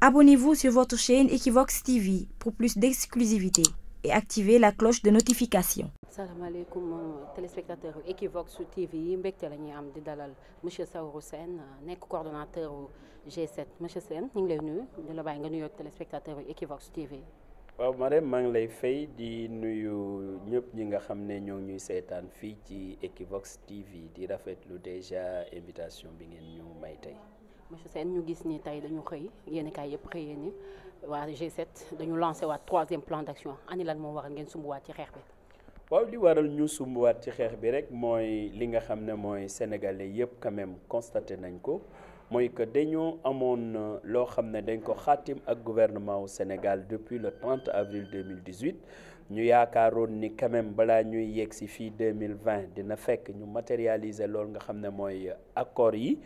Abonnez-vous sur votre chaîne Equivox TV pour plus d'exclusivité et activez la cloche de notification. salaamaaleykum téléspectateur Equivox TV yi mbégte la ñuy am di dalal monsieur Saourou Sène nekk coordonnateur G7 monsieur Sène ñu ngi lay nuyu di la bàyyi nga nuyoog téléspectateur Equivox TV. waaw madame maa ngi lay fay di nuyu ñëpp ñi nga xam ne ñoo ñuy seetaan fii ci Equivox TV di rafetlu déjà invitation bi ngeen ñu may tey. monsieur Sène ñu gis ni tey dañu xëy yéen kaay yëpp xëyee ni waa G7 dañu lancé waat troisième plan d'action ani lan moo waral ngeen sumbuwaat ci xeex bi. waaw li waral ñu sumbuwaat ci xeex bi rek mooy li nga xam ne mooy sénégalais yëpp quand même nañ ko mooy que dañoo amoon loo xam ne dañ ko xaatim ak guvernement au Sénégal depuis le 30 avril 2018. ñu yaakaaroon ni quand balaa ñuy yegg si fii 2020 dina fekk ñu matérialiser loolu nga xam ne mooy accord yi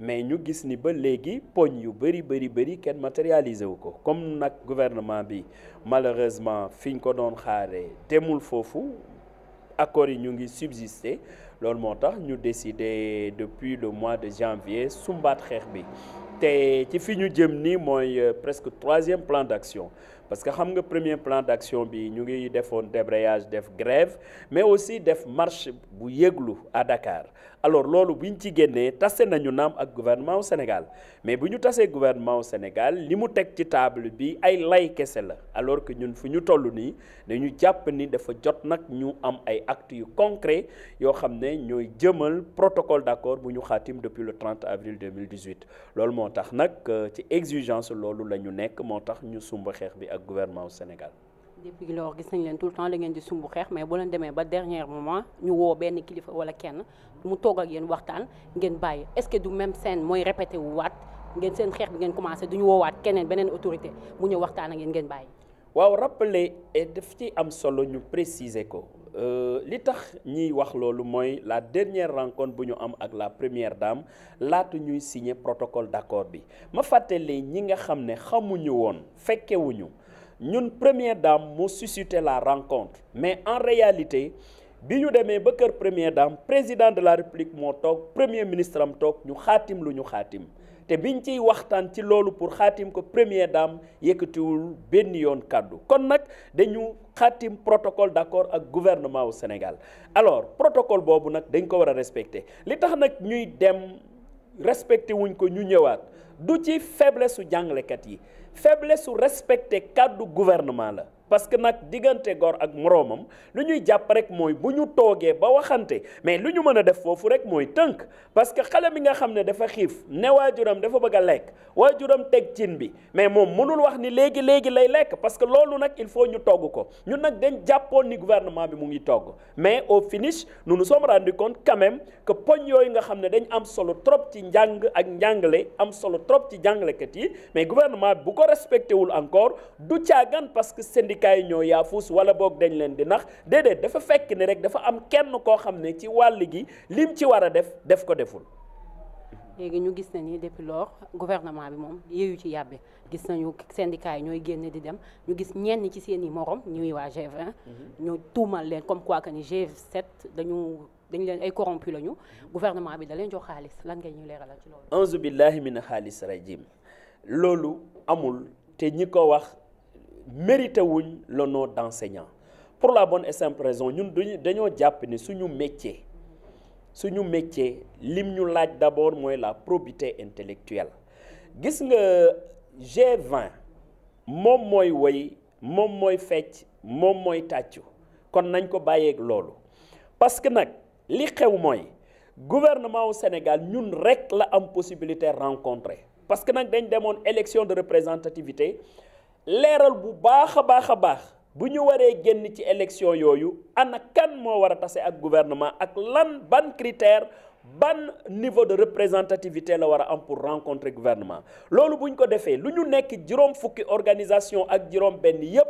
mais ñu gis ni ba léegi poñ yu bëri bëri bëri kenn matérialiser wu ko comme nag gouvernement bi malheureusement fi ñu ko doon xaaree demul foofu accords yi ñu ngi subsister loolu moo tax ñu décider depuis le mois de janvier sumbaat xeex bi te ci fi ñu jëm ni mooy euh, presque troisième plan d'action parce que xam nga premier plan d'action bi ñu ngi defoon débrayage def grève mais aussi def marché bu yëglu à Dakar alors loolu bi ñu ci génnee tase nañu naam ak gouvernement Sénégal mais bu ñu tasee gouvernement wu Sénégal li mu teg ci taable bi ay lay kese la alors que ñun fu ñu toll nii dañu jàpp ni dafa jot nag ñu am ay actes yu concret yoo xam ne ñooy jëmal protocole d'accord bu ñu xaatim depuis le 30 avril 2018 loolu moo tax nag euh, ci exigence loolu la ñu nekk moo tax ñu sumba xeex bi ak gouvernement Sénégal depuis lors gis nañ leen tout le temps la ngeen di sumbu xeex mais boo leen demee ba dernier moment ñu woo benn kilifa wala kenn mu toog ak yéen waxtaan ngeen bàyyi est-ce que du même seen mooy répété wu waat ngeen seen xeex bi ngeen commencé du ñu woowaat keneen beneen autorité mu ñëw waxtaan ak yéen ngeen bàyyi. waaw rappeler daf ci am solo ñu préciser ko euh, li tax ñiy wax loolu mooy la dernière rencontre bu ñu am ak la première dame laatu ñuy signe protocole d'accord bi ma fàttali ñi nga xam ne xamuñu woon fekkewuñu ñun premier dame moo suscité la rencontre mais en réalité bi ñu demee ba kër premier dame président de la république moo toog premier ministre am toog ñu xaatim lu ñu xaatim te biñ ciy waxtaan ci loolu pour xaatim ko premier dame yëkkatiwul benn yoon kàddu kon nag dañu xaatim protocole d'accord ak gouvernement au Sénégal alors protocole boobu nag dañ ko war a respecter li tax nag ñuy dem respecté wuñ ko ñu ñëwaat du ci faiblesse su jàngalekat yi faiblesse su respecté kàddu gouvernement la parce que nag diggante gor ak moroomam lu ñuy jàpp rek mooy bu ñu toogee ba waxante mais lu ñu mën a def foofu rek mooy tënk parce que xale bi nga xam ne dafa xiif ne waajuram dafa bëgg a lekk waajuram teg cin bi mais moom mënul wax ni léegi léegi lay lekk parce que loolu nag il faut ñu togg ko ñu nag dañ jàppoon ni gouvernement bi mu ngi togg mais au finish nous nous sommes rendu compte quand même poñ yooyu nga xam ne dañ am solo trop ci njàng ak njàngale am solo trop ci jàngalekat yi mais gouvernement bi bu ko respecté wul encore du caagan parce que syndicat kaay ñoo yaafuus wala boog dañ leen di nax déedéet dafa fekk ni rek dafa am kenn koo xam ne ci wàll gi lim ci war def def ko deful. léegi ñu gis na ni depuis lors gouvernement bi moom yéeyu ci yàbbe gis nañu syndicat yi ñooy génn di dem ñu gis ñenn ci seen i morom ñuy waa G20. Mhm. ñu tuumal leen comme quoi que ni g dañu dañ leen ay corrompu lañu gouvernement bi da leen jox xaalis lan ngay ñu leeralal ci loolu. anzu billahi min xaalis rajim loolu amul te ñi ko wax. mérité wuñ le nom d'enseignant pour la bonne et simple raison ñun duñu dañoo jàpp ni suñu métier suñu métier lim ñu laaj d'abord mooy la probité intellectuelle gis nga G20 moom mooy woy moom mooy fecc moom mooy tàccu kon nañ ko bàyyeeg loolu parce que nag li xew mooy gouvernement wu Sénégal ñun rek la am possibilité rencontrer parce que nag dañ demoon élection de représentativité leeral bu baax a baax a baax bu ñu waree génn ci élection yooyu ana kan moo war a tase ak gouvernement ak lan ban critère ban niveau de représentativité la war a am pour rencontrer gouvernement loolu bu ñu ko defee lu ñu nekk juróom fukki organisation ak juróom benn yépp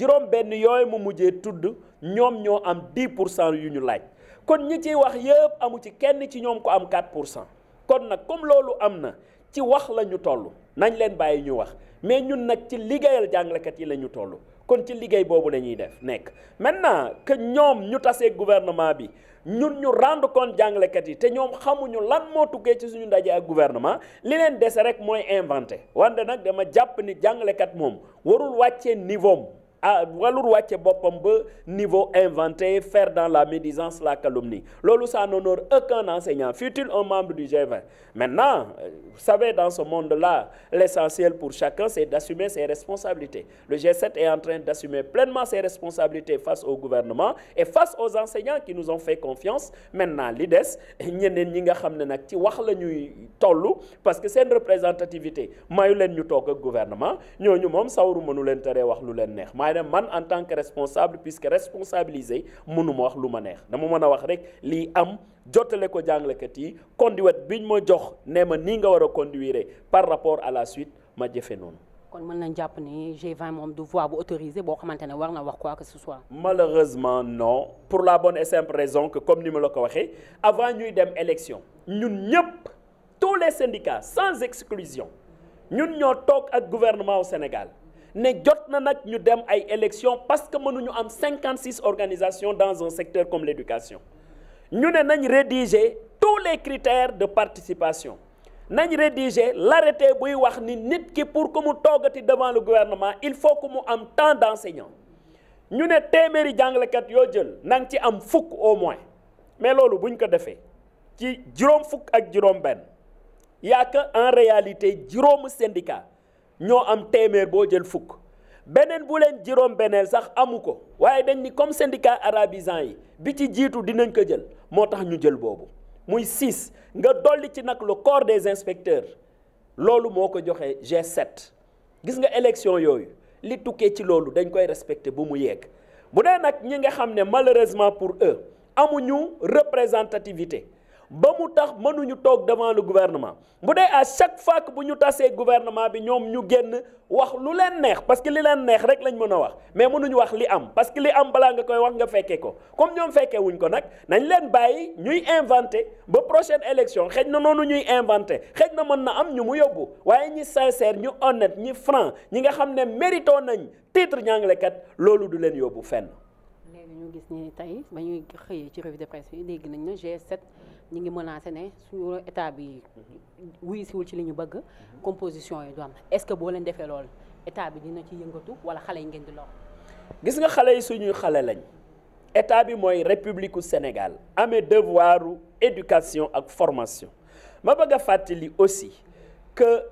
juróom benn yooyu mu mujjee tudd ñoom ñoo am 10 pour cent yu ñu laaj kon ñi ciy wax yépp amu ci kenn ci ñoom ko am 4 pour cent kon nag comme loolu am na ci wax la ñu toll nañ leen bàyyi ñu wax mais ñun nag ci liggéeyal jàngalekat yi la ñu toll kon ci liggéey boobu la def nekk maintenant que ñoom ñu tasee gouvernement bi ñun ñu rendre kon jàngalekat yi te ñoom xamuñu lan moo tukkee ci suñu ndajee ak gouvernement li leen dese rek mooy inventé wande nag dama jàpp ni jàngalekat moom warul wàccee niveau ah Walur wàcce boppam ba niveau inventé faire dans la médisance la calomnie loolu ça n'honore aucun enseignant fût-il un membre du g maintenant euh, vous savez dans ce monde-là l'essentiel pour chacun c'est d'assumer ses responsabilités le G7 est en train d'assumer pleinement ses responsabilités face au gouvernement et face aux enseignants qui nous ont fait confiance maintenant li des ñeneen ñi nga xam ne nag ci wax la ñuy tollu parce que seen représentativité mayu leen ñu toog ak ñooñu moom sawru mënu leen teree wax lu leen neex waaye man en tant que responsable puisque responsabilisé mënuma wax lu ma neex dama mën a wax rek lii am jotale ko jàngalekat yi bi biñ ma jox nee ma nii nga war a conduire par rapport à la suite ma jëfe noonu. kon mën nañ jàpp ni G20 moom du voix bu autorisé boo xamante ne war na wax quoi que ce soi malheureusement non pour la bonne et simple raison que comme ni ma la ko waxee avant ñuy dem élection ñun ñëpp tous les syndicats sans exclusion ñun ñoo toog ak gouvernement au Sénégal. ne jot na nag ñu dem ay élections parce que mënuñu am 56 organisations dans un secteur comme l'éducation ñu ne nañ rédiger tous les critères de participation nañ rédiger l'arrêté buy wax ni nit ki pour que mu toggati devant le gouvernement il faut que mu am tant d'enseignants ñu ne téeméeri jàngalekat yoo jël na ci am fukk au moins mais loolu buñ ko defee ci juróom fukk ak juróom benn yaa que en réalité juróomu syndicat ñoo am téeméer boo jël fukk beneen bu leen juróom beneen sax amu ko waaye dañ ni comme syndicat arabisant yi bi ci jiitu dinañ ko jël moo tax ñu jël boobu muy six nga dolli ci nag lu corps des inspecteurs loolu moo ko joxe G7 gis nga élection yooyu li tukkee ci loolu dañ koy respecté bu mu yegg bu dee nag ñi nga xam ne malheureusement pour eux amuñu représentativité ba mu tax mënuñu toog devant le gouvernement bu dee à chaque fois bu ñu tasee gouvernement bi ñoom ñu génn wax lu leen neex parce que li leen neex rek lañ mën a wax mais mënuñu wax li am parce que li am balaa nga koy wax nga fekkee ko comme ñoom fekkee wuñ ko nag nañ leen bàyyi ñuy inventé ba prochaine élection xëj na noonu ñuy inventé xëj na mën na am ñu mu yóbbu waaye ñi sincère ñu honnête ñi franc ñi nga xam ne mérito nañ titre ñaangilekat loolu du leen yóbbu fenn ñu gis ni tey ba ñu xëyee ci revue de presse bi dégg nañ ne g ñu ngi se ne suñu état bi wuyu siwul ci li ñu bëgg composition yi du am est-ce que boo leen defee loolu état bi dina ci yëngatu wala xale yi ngeen di lor. gis nga xale yi suñuy xale lañ état bi mooy république u Sénégal amee u éducation ak formation ma bëgg a fàttali aussi que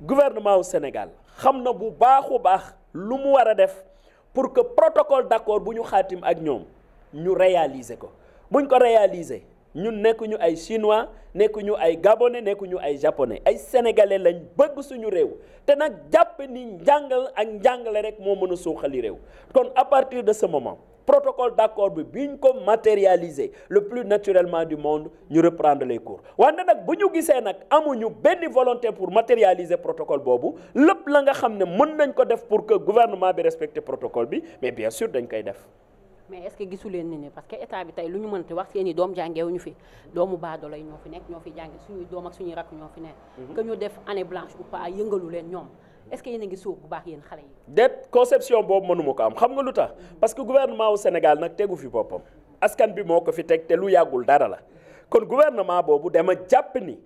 gouvernement wu Sénégal xam na bu baaxu baax lu mu war def. pour que protocole d'accord bu ñu xaatim ak ñoom ñu réaliser ko buñ ko réaliser ñun nekkuñu ay chinois nekkuñu ay gabonais nekkuñu ay japonais ay sénégalais lañ bëgg suñu réew te nag jàpp ni njàngal ak njàngale rek moo mën a suuxali réew kon à partir de ce moment protocole d'accord bi biñ ko matérialiser le plus naturellement du monde ñu reprendre les cours wante nag bu ñu gisee nag amuñu benn volonté pour matérialiser protocole boobu lëpp la nga xam ne mën nañ ko def pour que gouvernement bi respecte protocole bi mais bien sûr dañ koy def. mais est-ce gisu leen ni ne parce que état bi tey lu ñu mënti wax seeni doom ñu fi doomu baadoola yi ñoo fi nekk ñoo fi jànge suñuy doom ak suñuy rakk ñoo fi nekk. Mhm. que année blanche ou yëngalu leen ñoom. est-ce ngi suuf bu baax yéen xale yi. déet conception boobu mënuma ko am xam nga lu tax mm-hmm. parce que gouvernement wu Sénégal nag tegu fi boppam askan bi moo ko fi teg te lu yàggul dara la kon gouvernement boobu dama jàpp ni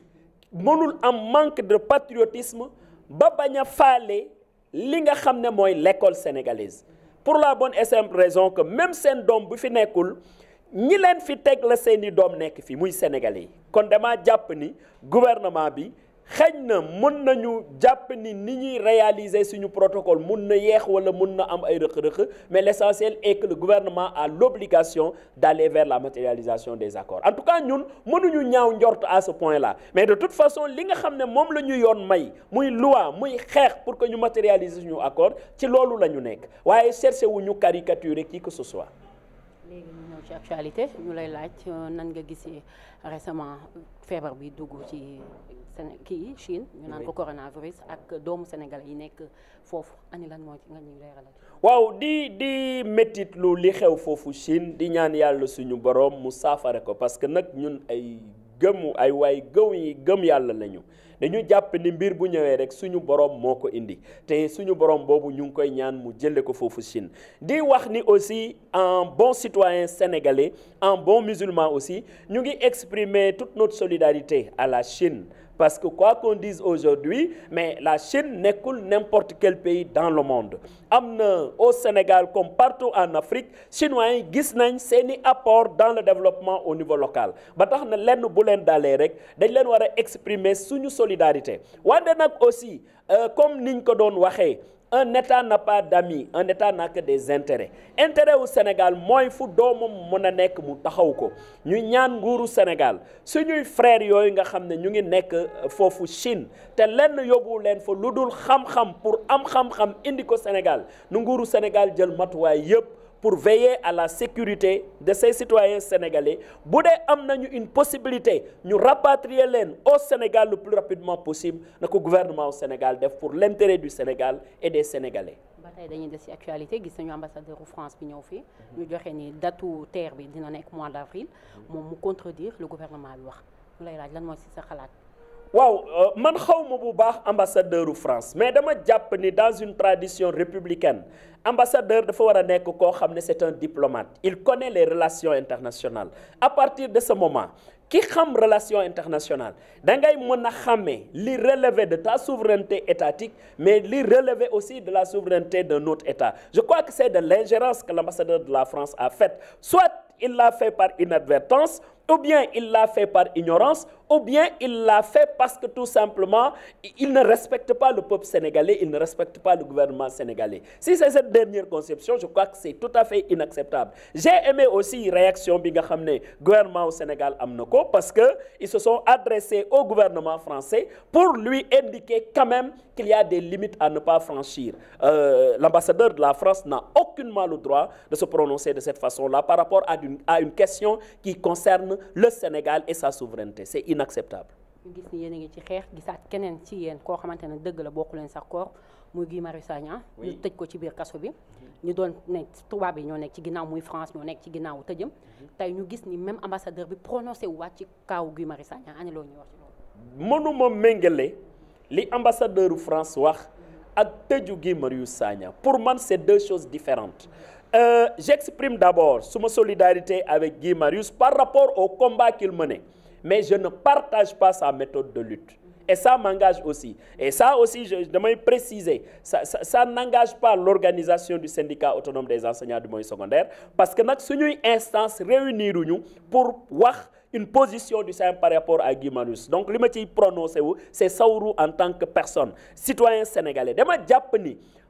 mënul am manque de patriotisme ba bañ a faale li nga xam ne mooy l'école sénégalaise pour la bonne et raison que même seen doom bu fi nekkul ñi leen fi teg la seeni doom nekk fi muy sénégalais yi kon dama jàpp ni gouvernement bi. xëy na mën nañu jàpp ni ni ñuy réaliser suñu protocole mun na yeex wala mun na am ay rëq-rëq mais l'essentiel est que le gouvernement a l'obligation d'aller vers la matérialisation des accords en tout cas ñun mënuñu ñaaw njort à ce point là mais de toute façon li nga xam ne moom la ñu yoon may muy loi muy xeex pour que ñu matérialiser suñu accord ci loolu la ñu nekk waaye cherché wuñu caricaturer qui que ce soit ci actualité ñu lay laaj euh, nan nga gisee récemment feebar bi dugg ci Séné kii Chine. ñu naan ko coronavirus ak doomu sénégal yi nekk foofu ani lan moo ci nga ñu leeralal. waaw di di métit li xew foofu Chine di ñaan yàlla suñu borom mu saafara ko parce que nag ñun ay. gëmu ay waay gëw yi gëm yàlla lañu dañu jàpp ni mbir bu ñëwee rek suñu borom moo ko indi te suñu borom boobu ñu ngi koy ñaan mu jële ko foofu Chine di wax ni aussi en bon citoyen sénégalais en bon musulman aussi ñu ngi exprimer tout not solidarité à la Chine Parce que quoi qu'on dise aujourd'hui, mais la Chine nekkul n'importe quel pays dans le monde am na au Sénégal comme partout en Afrique chinois yi gis nañ seeni apport dans le développement au niveau local ba tax na lenn bu leen dalee rek dañ leen war a exprimer suñu solidarité wante nag aussi euh, comme niñ ko doon waxee un état n'a pas d'amis un état n'a des intérêts intérêt wu Sénégal mooy fu doomam mën a nekk mu taxaw ko ñu ñaan nguuru Sénégal suñuy frères yooyu nga xam ne ñu ngi nekk euh, foofu Chine te lenn yóbbu leen fa lu dul xam-xam pour am xam-xam indi ko Sénégal nu nguuru Sénégal jël matuwaay yëpp pour veiller à la sécurité de ces citoyens sénégalais bu dee am nañu une possibilité ñu rapatrier leen au Sénégal le plus rapidement possible na ko gouvernement au Sénégal def pour l'intérêt du Sénégal et des Sénégalais. ba tey dañuy des ci actualité gis nañu ambassadeur France bi ñëw fii ñu joxe ni datu terre bi dina nekk mois d'avril moom mu contredire le gouvernement bi wax ñu lay laaj lan mooy si sa xalaat. waaw euh, man xawma bu baax ambassadeur u France mais dama jàpp ni dans une tradition républicaine ambassadeur dafa war a nekk koo xam ne c'est un diplomate il connaît les relations internationales à partir de ce moment ki xam relation internationale da ngay mën a xàmmee li relever de ta souveraineté étatique mais li relever aussi de la souveraineté d'un autre État je crois que c'est de l'ingérence que l'ambassadeur de la France a faite soit il l'a fait par inadvertance, ou bien il l'a fait par ignorance, ou bien il parce que tout simplement, il ne respecte pas le peuple sénégalais, il ne respecte pas le gouvernement sénégalais. Si c'est cette dernière conception, je crois que c'est tout à fait inacceptable. J'ai aimé aussi la réaction du gouvernement Sénégal Amnoko, parce qu'ils se sont adressés au gouvernement français pour lui indiquer quand même qu'il y a des limites à ne pas franchir. Euh, L'ambassadeur de la France n'a aucunement le droit une, à une question qui concerne le Sénégal et sa souveraineté c'est inacceptable ñu gis ni yéen a ngi ci xeex gisaat keneen ci yéen koo xamante ne dëgg la bokku leen sax koor muy Guy Marius Sagna ñu tëj ko ci biir kaso bi ñu doon ne tubaab yi ñoo nekk ci ginnaaw muy France ñoo nekk ci ginnaaw tëjëm mhm. tey ñu gis ni même ambassadeur bi prononcé wu waat ci kaawu Guy Marius Sagna ana loolu ñuy wax ci loolu mënuma méngale li ambassadeur France wax ak tëju Guy Marius Sagna man c'est deux choses Euh, J'exprime d'abord ma solidarité avec Guy Marius par rapport au combat qu'il menait. Mais je ne partage pas sa méthode de lutte. Et ça m'engage aussi. Et ça aussi, je, je demande préciser, ça, ça, ça n'engage pas l'organisation du syndicat autonome des enseignants du moyen secondaire, parce que nous sommes instance réunir réunie pour voir une position du SAEM par rapport à Guy Marius. Donc, ce que je prononce, c'est Saourou en tant que personne, citoyen sénégalais. Je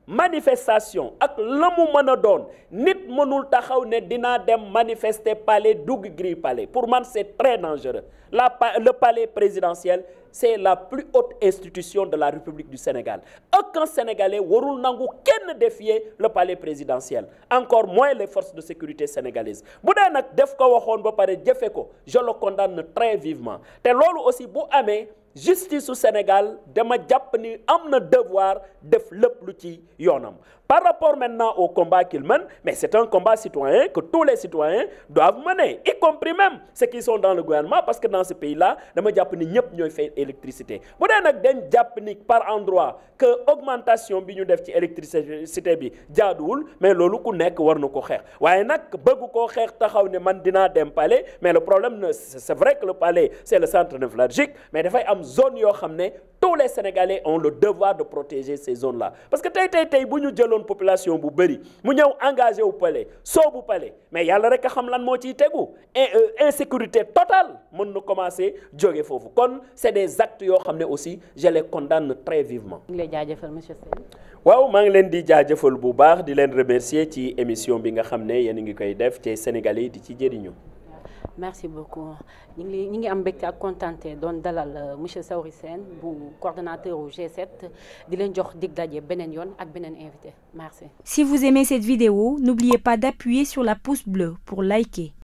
manifestation ak la mu mën a doon nit mënul taxaw ne dinaa dem manifester palais dugg grille palais pour man c'est très dangereux la le palais présidentiel c'est la plus haute institution de la République du Sénégal aucun warul nangu kenn défier le palais présidentiel encore moins les forces de sécurité sénégalaises bu dee nag def ko waxoon ba pare jëfe ko je le condamne très vivement te loolu aussi bu amee justice su Sénégal dama jàpp ni am na devoir def lépp lu ci yoonam par rapport maintenant au combat qu'il mène mais c'est un combat citoyen que tous les citoyens doivent mener y compris même ceux qui sont dans le gouvernement parce que dans ce pays là dama jàpp ni ñëpp ñooy fay électricité bu dee nag dañ jàpp ni par endroit que augmentation bi ñu def ci électricité bi jaaduwul mais loolu ku nekk war na ko xeex waaye nag bëgg koo xeex taxaw ne man dinaa dem palais mais le problème le palais le centre névralgique mais dafay am zone yoo xam ne tous les sénégalais ont le devoir de protéger ces zones la parce que tey tey tey bu ñu jëloon population bu bëri mu ñëw engagé wu pale soo bu pale mais yàlla rek a xam lan moo ciy tegu euh, insécurité total mën na commencé jóge foofu kon c'est des actes yoo xam ne aussi je les condamne très vivement. ñu ngi lay jaajëfal monsieur Sène. waaw maa ngi leen di jaajëfal bu baax di leen remercier ci émission bi nga xam ne yéen a ngi koy def te Sénégalais yi di ci jëriñu. merci beaucoup ñu ngi ñu ngi am mbégte ak kontaante doon dalal euh, monsieur Saory Sène bu coordonnateur au G7 di leen jox dig daje beneen yoon ak beneen invité merci. si vous aimez cette vidéo n'oubliez pas d'appuyer sur la pouce bleue pour liker.